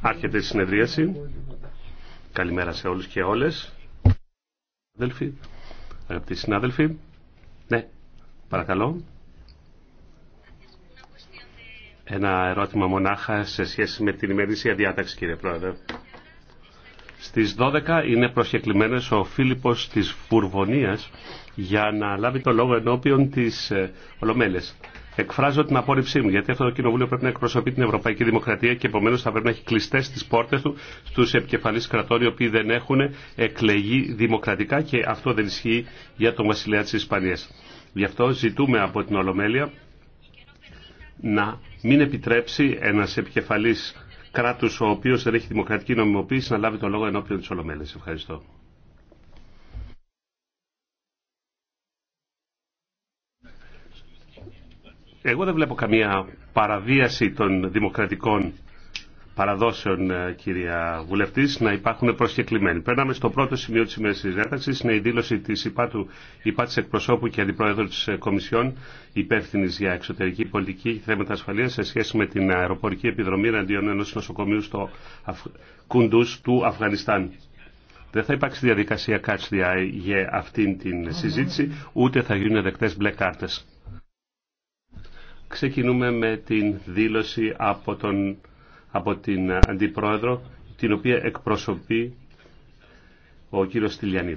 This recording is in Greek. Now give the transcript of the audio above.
Άρχεται η συνεδρίαση. Καλημέρα σε όλους και όλες. Αδελφοί, αγαπητοί συνάδελφοι. Ναι, παρακαλώ. Ένα ερώτημα μονάχα σε σχέση με την ημερήσια διάταξη, κύριε Πρόεδρε. Στις 12 είναι προσκεκλημένος ο Φίλιππος της Φουρβονίας για να λάβει το λόγο ενώπιον της ε, Ολομέλες εκφράζω την απόρριψή μου, γιατί αυτό το κοινοβούλιο πρέπει να εκπροσωπεί την Ευρωπαϊκή Δημοκρατία και επομένω θα πρέπει να έχει κλειστέ τι πόρτε του στου επικεφαλεί κρατών οι οποίοι δεν έχουν εκλεγεί δημοκρατικά και αυτό δεν ισχύει για τον βασιλιά τη Ισπανία. Γι' αυτό ζητούμε από την Ολομέλεια να μην επιτρέψει ένα επικεφαλή κράτου ο οποίο δεν έχει δημοκρατική νομιμοποίηση να λάβει τον λόγο ενώπιον τη Ολομέλεια. Ευχαριστώ. Εγώ δεν βλέπω καμία παραβίαση των δημοκρατικών παραδόσεων, ε, κυρία Βουλευτή, να υπάρχουν προσκεκλημένοι. Περνάμε στο πρώτο σημείο τη ημέρα τη διάταξη. Είναι η δήλωση τη ΥΠΑ του εκπροσώπου και αντιπρόεδρου τη ε, Κομισιόν, υπεύθυνη για εξωτερική πολιτική και θέματα ασφαλεία, σε σχέση με την αεροπορική επιδρομή εναντίον ενό νοσοκομείου στο Αφ... Κούντου του Αφγανιστάν. Δεν θα υπάρξει διαδικασία eye για αυτήν την συζήτηση, ούτε θα γίνουν δεκτέ μπλε κάρτε. Ξεκινούμε με την δήλωση από, τον, από την Αντιπρόεδρο, την οποία εκπροσωπεί ο κύριος Στυλιανίδη.